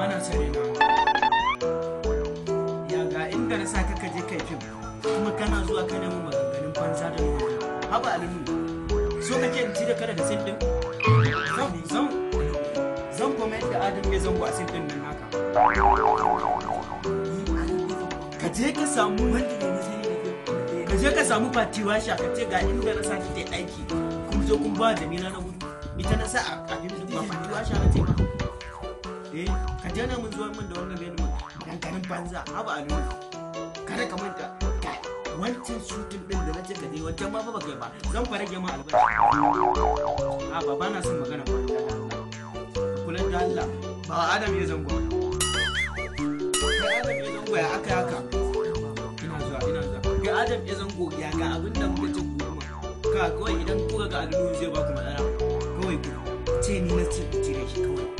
ba na ya ga inda na sa ka je kai fim kuma kana zuwa kana mun maganganun banza da nuna haba alinu so kake in ci da kada da sin din zan zan zan kuma yadda adam ya zango a sin din nan haka ka je ka samu wanda ne na sani ka je ka samu party sha ka ce ga inda na sa ta aiki kun zo kun ba jamila na gudu ita na sa a kafin ba party sha na ce ba eh ka daina mun zuwa mun da wannan benin dankalin banza haba a nuna kada ka manta wancan shooting din da nace ka je wancan ma fa baka yi ba zan fara rage ma albarka a baba na son magana ba kula da Allah ba Adam ya zango ba Adam ya zango ya aka haka ina zuwa ina zuwa ga Adam ya zango ya ga abin da muka ce kuma ka kawai idan kuka ga alulu zai ba ku matsala kawai ku ce ni na ce ku cire shi kawai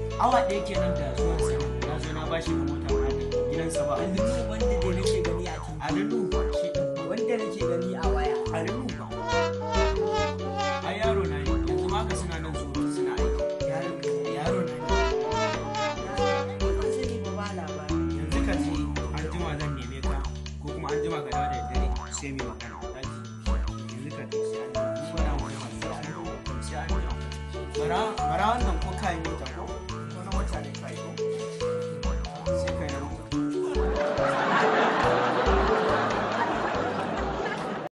awa ɗaya kenan da zuwan sa na zo na bashi da mota ma da gidansa ba alilu wanda da nake gani a tv alilu shi wanda nake gani a waya ba. ai yaro na yanzu ma suna nan zuwa suna aiki yaro na yanzu ka ce an zan neme ka ko kuma an jima ka dawo dare sai mai magana yanzu ka know what's that